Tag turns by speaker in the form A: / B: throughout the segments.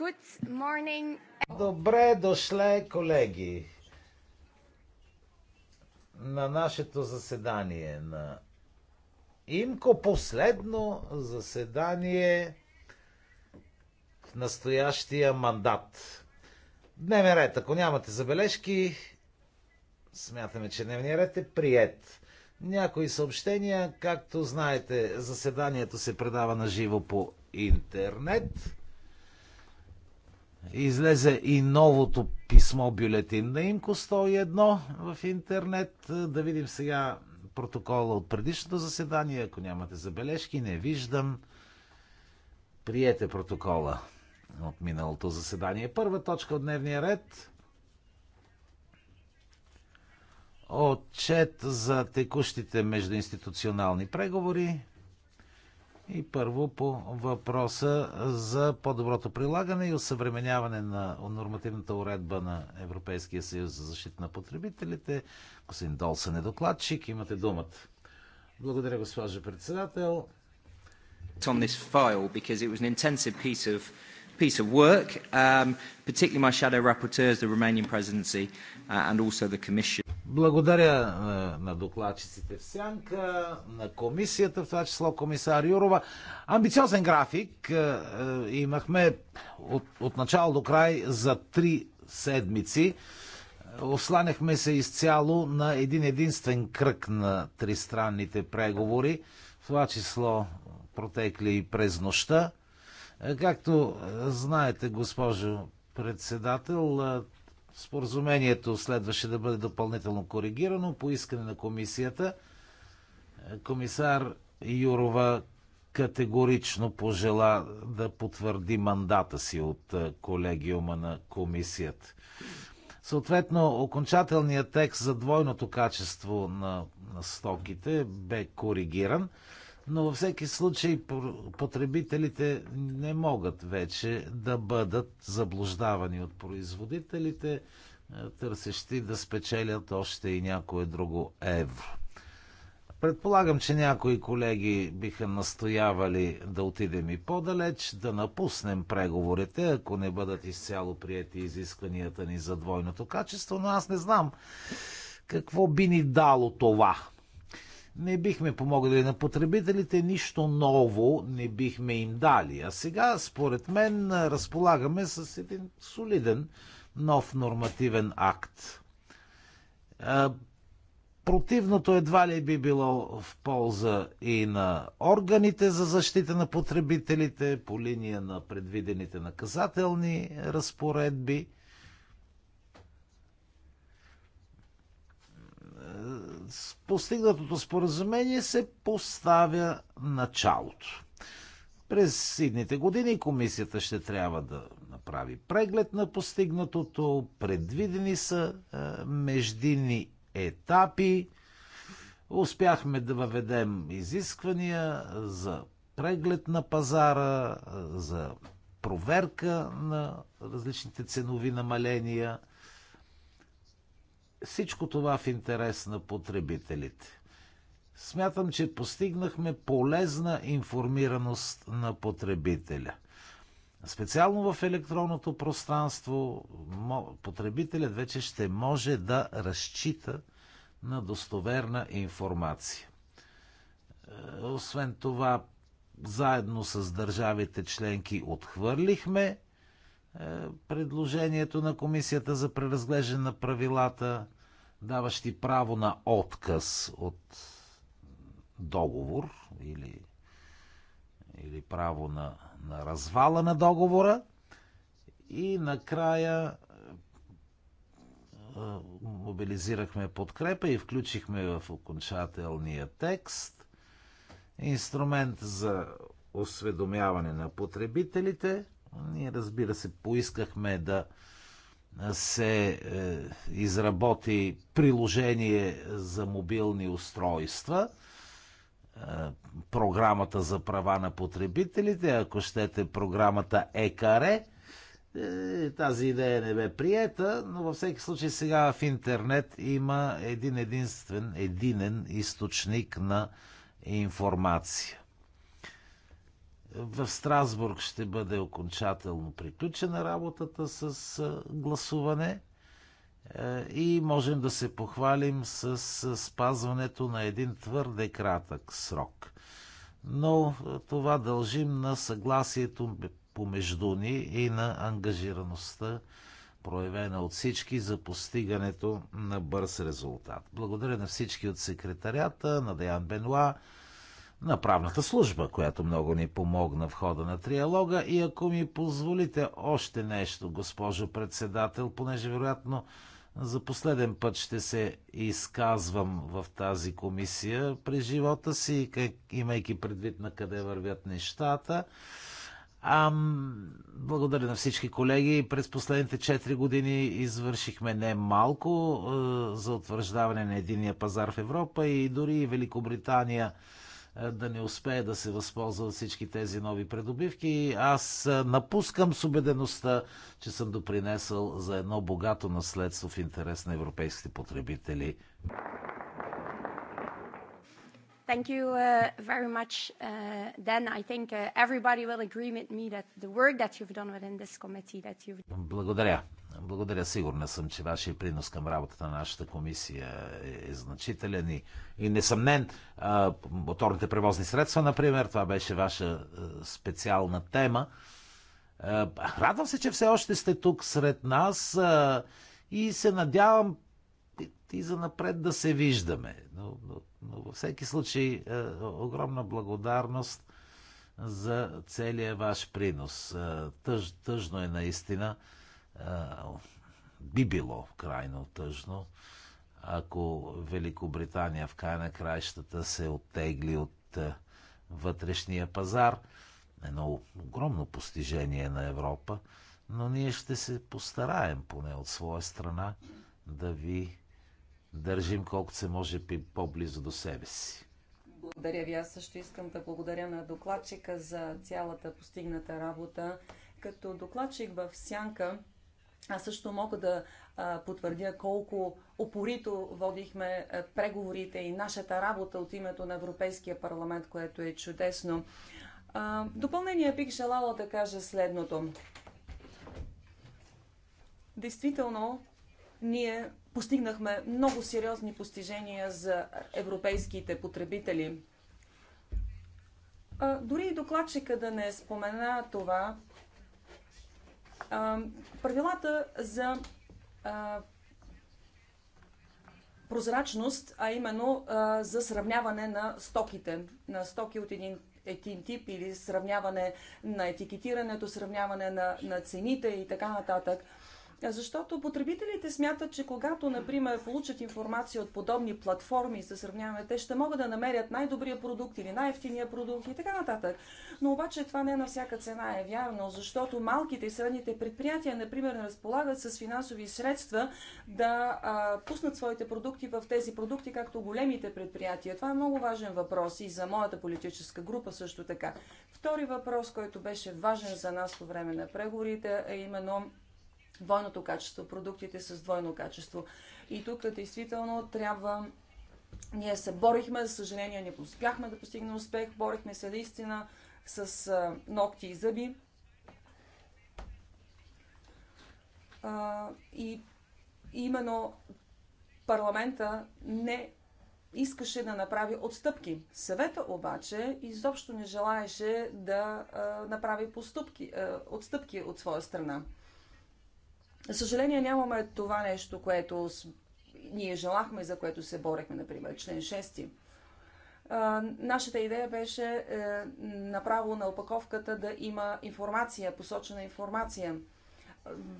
A: Good morning.
B: Добре дошле, колеги, на нашето заседание на Имко последно заседание в настоящия мандат. Дневен ред, ако нямате забележки, смятаме, че дневният ред е прият. Някои съобщения, както знаете, заседанието се предава на живо по интернет. Излезе и новото писмо бюлетин на Имко 101 в интернет. Да видим сега протокола от предишното заседание. Ако нямате забележки, не виждам. Приете протокола от миналото заседание. Първа точка от дневния ред. Отчет за текущите междуинституционални преговори. И първо по въпроса за по-доброто прилагане и осъвременяване на нормативната уредба на Европейския съюз за защита на потребителите. Господин Долсън е докладчик, имате думата. Благодаря, госпожо председател. On this file because it was an intensive piece of piece of work, um, particularly my shadow rapporteurs, the Romanian presidency uh, and also the commission. Благодаря на uh, на докладчиците в Сянка, на комисията, в това число комисар Юрова. Амбициозен график е, имахме от, от начало до край за три седмици. Осланяхме се изцяло на един единствен кръг на тристранните преговори, в това число протекли и през нощта. Както е, знаете, госпожо председател, е, споразумението следваше да бъде допълнително коригирано по искане на комисията. Е, комисар Юрова категорично пожела да потвърди мандата си от колегиума на комисията. Съответно, окончателният текст за двойното качество на, на стоките бе коригиран но във всеки случай потребителите не могат вече да бъдат заблуждавани от производителите, е, търсещи да спечелят още и някое друго евро. Предполагам, че някои колеги биха настоявали да отидем и по-далеч, да напуснем преговорите, ако не бъдат изцяло прияти изискванията ни за двойното качество, но аз не знам какво би ни дало това не бихме помогнали на потребителите, нищо ново не бихме им дали. А сега, според мен, разполагаме с един солиден нов нормативен акт. Противното едва ли би било в полза и на органите за защита на потребителите по линия на предвидените наказателни разпоредби – постигнатото споразумение се поставя началото. През идните години комисията ще трябва да направи преглед на постигнатото. Предвидени са е, междинни етапи. Успяхме да въведем изисквания за преглед на пазара, е, за проверка на различните ценови намаления всичко това в интерес на потребителите. Смятам, че постигнахме полезна информираност на потребителя. Специално в електронното пространство потребителят вече ще може да разчита на достоверна информация. Е, освен това, заедно с държавите членки отхвърлихме е, предложението на комисията за преразглеждане на правилата, даващи право на отказ от договор или, или право на, на развала на договора. И накрая е, мобилизирахме подкрепа и включихме в окончателния текст инструмент за осведомяване на потребителите – ние, разбира се, поискахме да се е, изработи приложение за мобилни устройства е, програмата за права на потребителите, ако щете програмата ЕКАРЕ. Е, тази идея не бе приета, но във всеки случай сега в интернет има един единствен, единен източник на информация. В Страсбург ще бъде окончателно приключена работата с гласуване е, и можем да се похвалим с спазването на един твърде кратък срок. Но това дължим на съгласието помежду ни и на ангажираността, проявена от всички за постигането на бърз резултат. Благодаря на всички от секретарята, на Деян Бенуа, на правната служба, която много ни помогна в хода на триалога. И ако ми позволите още нещо, госпожо председател, понеже вероятно за последен път ще се изказвам в тази комисия през живота си, имайки предвид на къде вървят нещата. Ам, благодаря на всички колеги. През последните 4 години извършихме не малко е, за утвърждаване на единия пазар в Европа и дори Великобритания да не успее да се възползва от всички тези нови предобивки. Аз напускам с убедеността, че съм допринесъл за едно богато наследство в интерес на европейските потребители.
A: Thank you uh, very much. Uh, Dan. I think uh, everybody will agree with me that the work that you've done within this committee that you've
B: Благодаря. Благодаря. Сигурна съм, че вашия принос към работата на нашата комисия е, е значителен и, и несъмнен. А, моторните превозни средства, например, това беше ваша е, специална тема. А, е, радвам се, че все още сте тук сред нас а, е, и се надявам и за напред да се виждаме. Но, но, но във всеки случай, а, огромна благодарност за целия ваш принос. А, тъж, тъжно е наистина би било крайно тъжно, ако Великобритания в край на краищата се оттегли от вътрешния пазар. Едно огромно постижение на Европа, но ние ще се постараем поне от своя страна да ви държим колкото се може по-близо до себе си.
A: Благодаря ви. Аз също искам да благодаря на докладчика за цялата постигната работа. Като докладчик в Сянка, аз също мога да а, потвърдя колко опорито водихме а, преговорите и нашата работа от името на Европейския парламент, което е чудесно. А, допълнение бих желала да кажа следното. Действително, ние постигнахме много сериозни постижения за европейските потребители. А, дори и докладчика да не спомена това, Правилата за прозрачност, а именно а, за сравняване на стоките, на стоки от един един тип или сравняване на етикетирането, сравняване на, на цените и така нататък. Защото потребителите смятат, че когато, например, получат информация от подобни платформи, се сравняваме, те ще могат да намерят най-добрия продукт или най-ефтиния продукт и така нататък. Но обаче това не на всяка цена е вярно, защото малките и средните предприятия, например, не разполагат с финансови средства да а, пуснат своите продукти в тези продукти, както големите предприятия. Това е много важен въпрос и за моята политическа група също така. Втори въпрос, който беше важен за нас по време на преговорите, е именно двойното качество, продуктите с двойно качество. И тук действително трябва ние се борихме, за съжаление не успяхме да постигнем успех, борихме се наистина с а, ногти и зъби. А, и именно парламента не искаше да направи отстъпки. Съвета обаче изобщо не желаеше да а, направи поступки, а, отстъпки от своя страна. За съжаление нямаме това нещо, което ние желахме, за което се борехме, например, член 6. нашата идея беше е, направо на опаковката да има информация, посочена информация.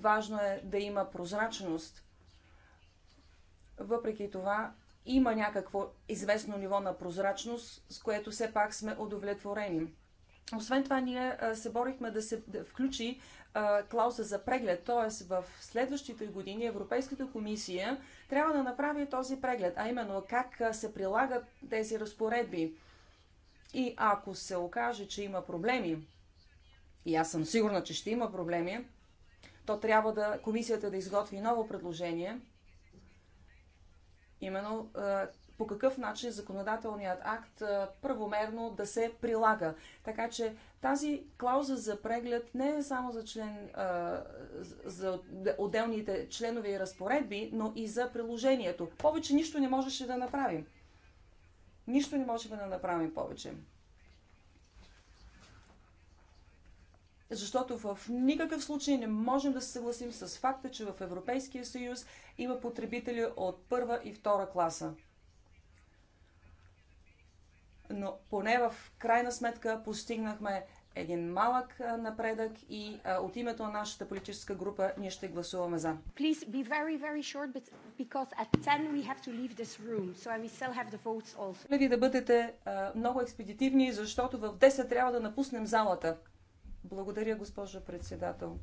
A: Важно е да има прозрачност. Въпреки това, има някакво известно ниво на прозрачност, с което все пак сме удовлетворени. Освен това, ние се борихме да се да включи а, клауза за преглед, т.е. в следващите години Европейската комисия трябва да направи този преглед, а именно как се прилагат тези разпоредби. И ако се окаже, че има проблеми, и аз съм сигурна, че ще има проблеми, то трябва да комисията да изготви ново предложение, именно а, по какъв начин законодателният акт правомерно да се прилага. Така че тази клауза за преглед не е само за, член, за отделните членове и разпоредби, но и за приложението. Повече нищо не можеше да направим. Нищо не можеше да направим повече. Защото в никакъв случай не можем да се съгласим с факта, че в Европейския съюз има потребители от първа и втора класа но поне в крайна сметка постигнахме един малък напредък и а, от името на нашата политическа група ние ще гласуваме за. Please be very very short because at 10 we have to leave this room so we still have the votes also. Моля да бъдете а, много експедитивни, защото в 10 трябва да напуснем залата. Благодаря, госпожо председател.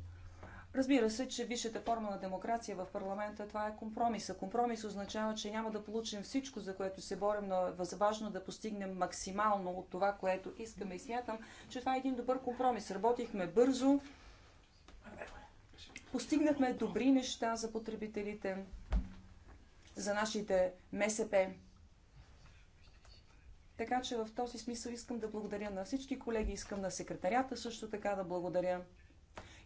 A: Разбира се, че висшата форма на демокрация в парламента това е компромиса. Компромис означава, че няма да получим всичко, за което се борим, но е важно да постигнем максимално от това, което искаме. И смятам, че това е един добър компромис. Работихме бързо, постигнахме добри неща за потребителите, за нашите МСП. Така че в този смисъл искам да благодаря на всички колеги, искам на секретарята също така да благодаря.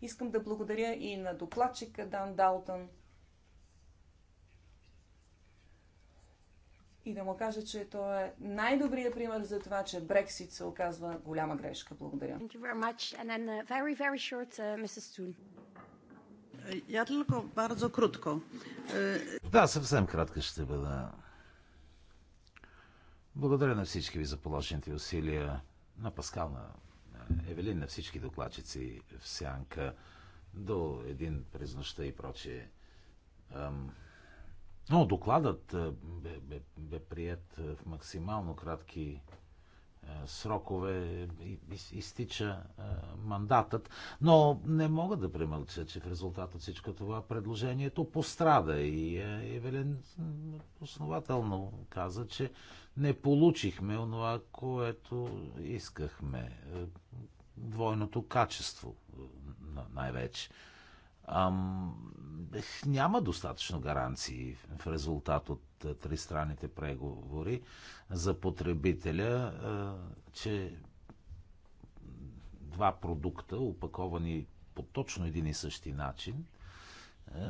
A: Искам да благодаря и на докладчика Дан Далтън и да му кажа, че то е най-добрият пример за това, че Брексит се оказва голяма грешка. Благодаря. Uh, uh, е, я
B: е, Да, съвсем кратка ще бъда. Благодаря на всички ви за положените усилия, на Паскал, на Евелин, на всички докладчици в Сянка, до един през нощта и прочее. Но докладът бе, бе, бе прият в максимално кратки е, срокове изтича е, мандатът, но не мога да премълча, че в резултат от всичко това предложението пострада и е, Евелин основателно каза, че не получихме онова, което искахме. Двойното качество най-вече. Ам, няма достатъчно гаранции в резултат от тристранните преговори за потребителя, че два продукта, опаковани по точно един и същи начин,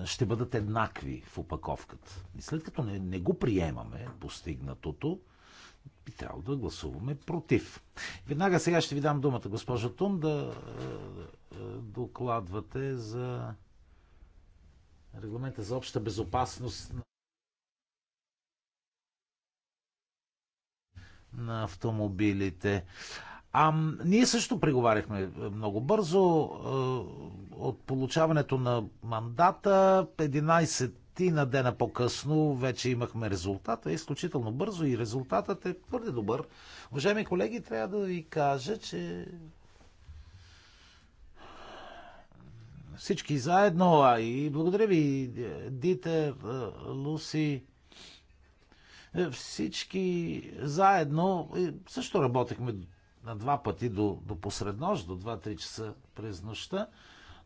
B: ще бъдат еднакви в опаковката. И след като не, не го приемаме, постигнатото, би трябвало да гласуваме против. Веднага сега ще ви дам думата, госпожа Тун, да е, е, докладвате за регламента за обща безопасност на автомобилите. А, ние също преговаряхме много бързо. Е, от получаването на мандата 11 десетина дена по-късно вече имахме резултата. Е изключително бързо и резултатът е твърде добър. Уважаеми колеги, трябва да ви кажа, че всички заедно, а и благодаря ви, Дитер, Луси, всички заедно, също работехме на два пъти до, до посреднощ, до 2-3 часа през нощта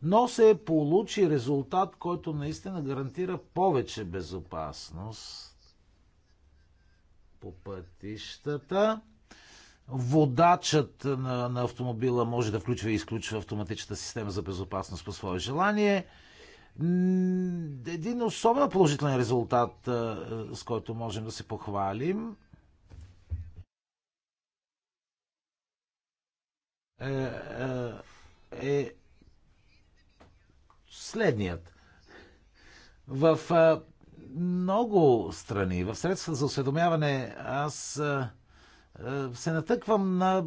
B: но се получи резултат, който наистина гарантира повече безопасност по пътищата. Водачът на, на автомобила може да включва и изключва автоматичната система за безопасност по свое желание. Един особено положителен резултат, с който можем да се похвалим, е, е, е следният. В много страни, в средства за осведомяване, аз се натъквам на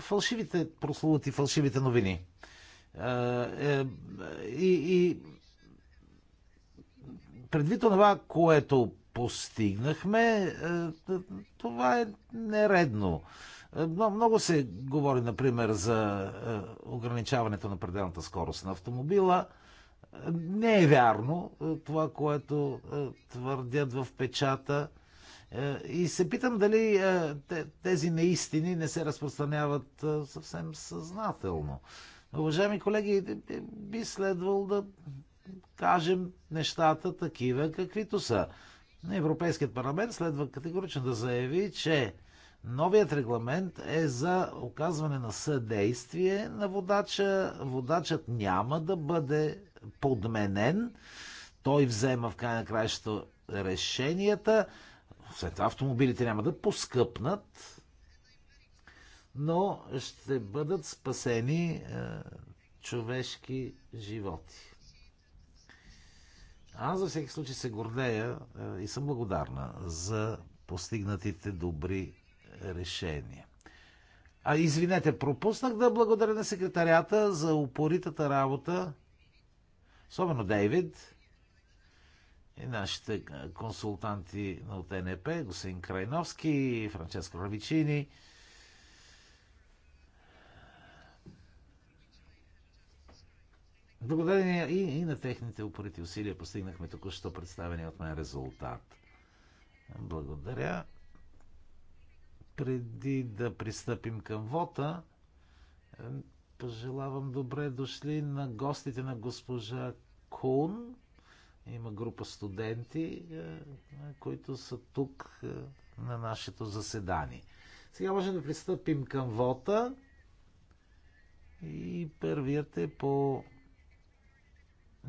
B: фалшивите прослуги, фалшивите новини. Е, и, и предвид това, което постигнахме, това е нередно. Много се говори, например, за ограничаването на пределната скорост на автомобила – не е вярно е, това, което е, твърдят в печата. Е, и се питам дали тези неистини не се разпространяват съвсем съзнателно. Уважаеми колеги, би следвало да кажем нещата такива, каквито са. Европейският парламент следва категорично да заяви, че новият регламент е за оказване на съдействие на водача. Водачът няма да бъде подменен. Той взема в край на краищата решенията. След това автомобилите няма да поскъпнат, но ще бъдат спасени е, човешки животи. Аз за всеки случай се гордея е, и съм благодарна за постигнатите добри решения. А извинете, пропуснах да благодаря на секретарята за упоритата работа Особено Дейвид и нашите консултанти на НП, господин Крайновски, Франческо Равичини. Благодарение и, и на техните упорити усилия постигнахме току-що представения от мен резултат. Благодаря. Преди да пристъпим към вота, Пожелавам добре дошли на гостите на госпожа Кун. Има група студенти, е, които са тук е, на нашето заседание. Сега можем да пристъпим към вота. И първият е по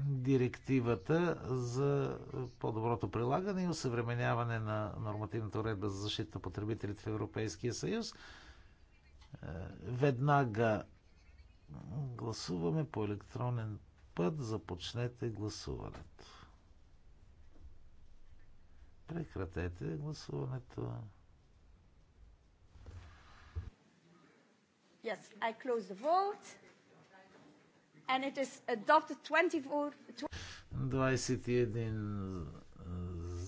B: директивата за по-доброто прилагане и усъвременяване на нормативната уредба за защита на потребителите в Европейския съюз. Е, веднага Гласуваме по електронен път. Започнете гласуването. Прекратете гласуването.
A: Yes, I close the vote. And it is adopted 24...
B: 21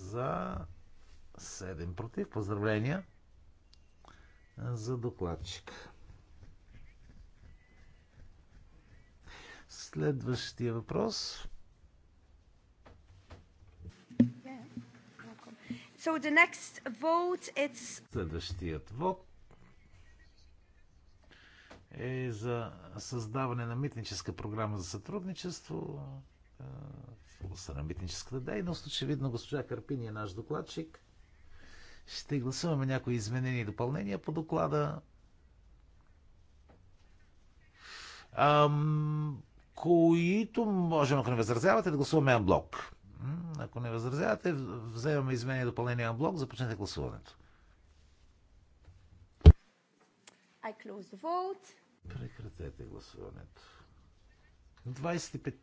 B: за, 7 против. Поздравления за докладчика. Следващия въпрос.
A: So the next vote, it's...
B: Следващият вод е за създаване на митническа програма за сътрудничество в областта на митническата дейност. Очевидно госпожа Карпини е наш докладчик. Ще гласуваме някои изменения и допълнения по доклада. Ам, които можем, ако не възразявате, да гласуваме анблок. Ако не възразявате, вземаме изменение и допълнение анблок, започнете гласуването.
A: I close the vote.
B: Прекратете гласуването. 25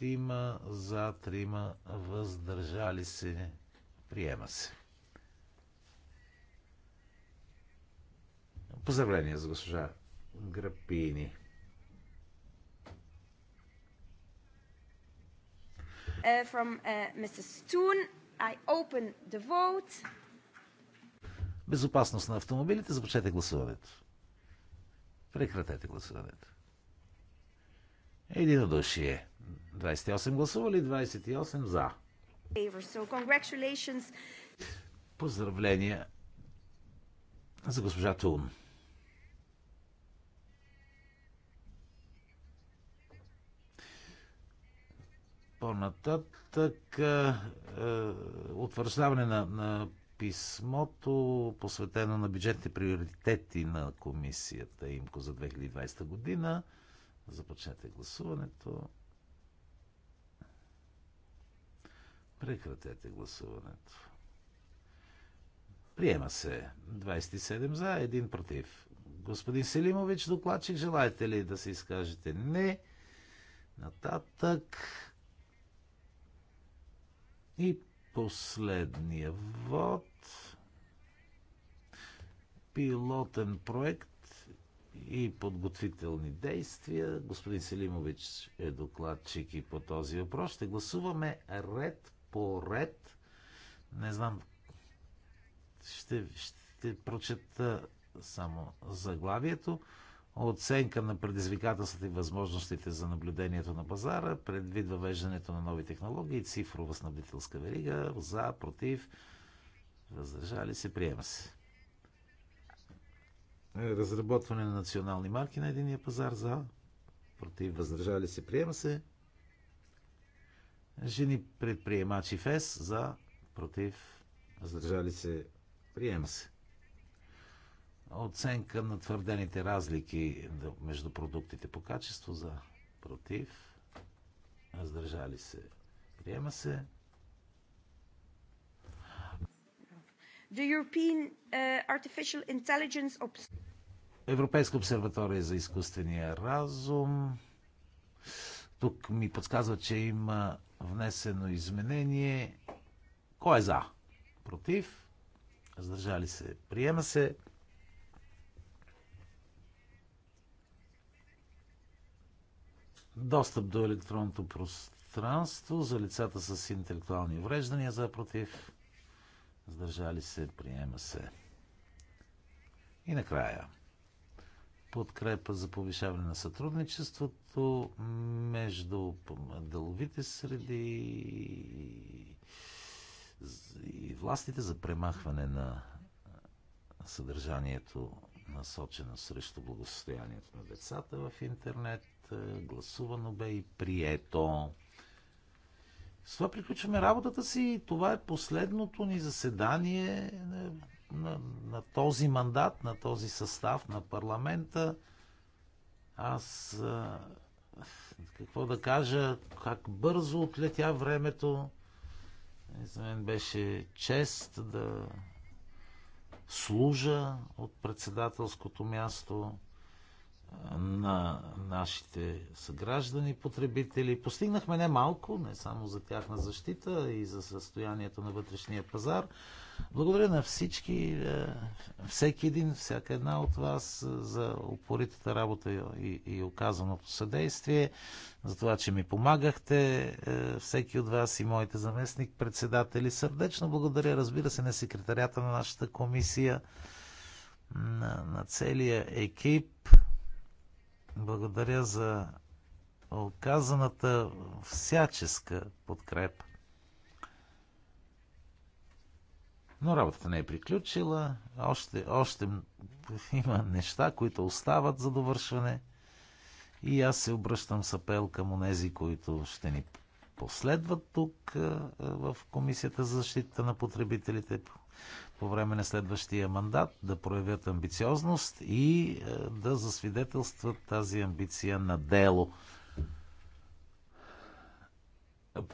B: има за, 3 има въздържали се. Приема се. Поздравление за госпожа Грапини.
A: uh, from uh, Mr. Stoon. I open the vote.
B: Безопасност на автомобилите. Започнете гласуването. Прекратете гласуването. Единодушие. 28 гласували, 28 за. Поздравления за госпожа Тун. По-нататък е, утвърждаване на, на писмото, посветено на бюджетните приоритети на комисията ИМКО за 2020 година. Започнете гласуването. Прекратете гласуването. Приема се 27 за, 1 против. Господин Селимович, докладчик, желаете ли да се изкажете? Не. Нататък. И последния вод. Пилотен проект и подготвителни действия. Господин Селимович е докладчик и по този въпрос. Ще гласуваме ред по ред. Не знам. Ще, ще прочета само заглавието оценка на предизвикателствата и възможностите за наблюдението на пазара, предвид въвеждането на нови технологии, цифрова снабдителска верига, за, против, въздържали се, приема се. Разработване на национални марки на единия пазар за, против, въздържали се, приема се. Жени предприемачи ФЕС за, против, въздържали се, приема се. Оценка на твърдените разлики между продуктите по качество за против. Раздържали се. Приема се.
A: The European uh, Artificial Intelligence
B: Европейска обсерватория за изкуствения разум. Тук ми подсказва, че има внесено изменение. Кой е за? Против? Раздържали се. Приема се. Достъп до електронното пространство за лицата с интелектуални увреждания за против. Сдържали се, приема се. И накрая. Подкрепа за повишаване на сътрудничеството между деловите среди и властите за премахване на съдържанието насочено срещу благосостоянието на децата в интернет. Е, гласувано бе и прието. С това приключваме работата си и това е последното ни заседание на, е, на, на този мандат, на този състав на парламента. Аз е, какво да кажа, как бързо отлетя времето. За мен беше чест да служа от председателското място на нашите съграждани, потребители. Постигнахме не малко, не само за тяхна защита и за състоянието на вътрешния пазар. Благодаря на всички, е, всеки един, всяка една от вас е, за упоритата работа и, и оказаното съдействие, за това, че ми помагахте, е, всеки от вас и моите заместник председатели. Сърдечно благодаря, разбира се, на секретарята на нашата комисия, на, на целия екип благодаря за оказаната всяческа подкрепа. Но работата не е приключила. Още, още има неща, които остават за довършване. И аз се обръщам с апел към онези, които ще ни последват тук в Комисията за защита на потребителите по по време на следващия мандат, да проявят амбициозност и е, да засвидетелстват тази амбиция на дело.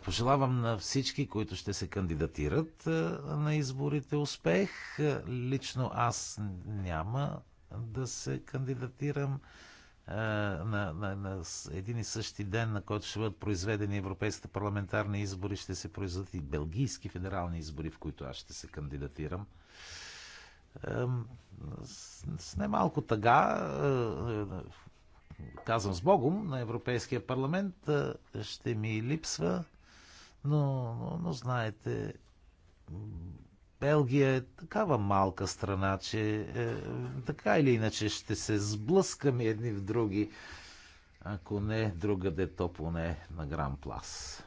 B: Пожелавам на всички, които ще се кандидатират е, на изборите успех. Лично аз няма да се кандидатирам на, на, на един и същи ден, на който ще бъдат произведени европейските парламентарни избори, ще се произведат и белгийски федерални избори, в които аз ще се кандидатирам. С, с немалко тъга, казвам с Богом, на Европейския парламент ще ми липсва, но, но, но знаете, Белгия е такава малка страна, че е, така или иначе ще се сблъскаме едни в други, ако не другаде, то поне на Гран Плас.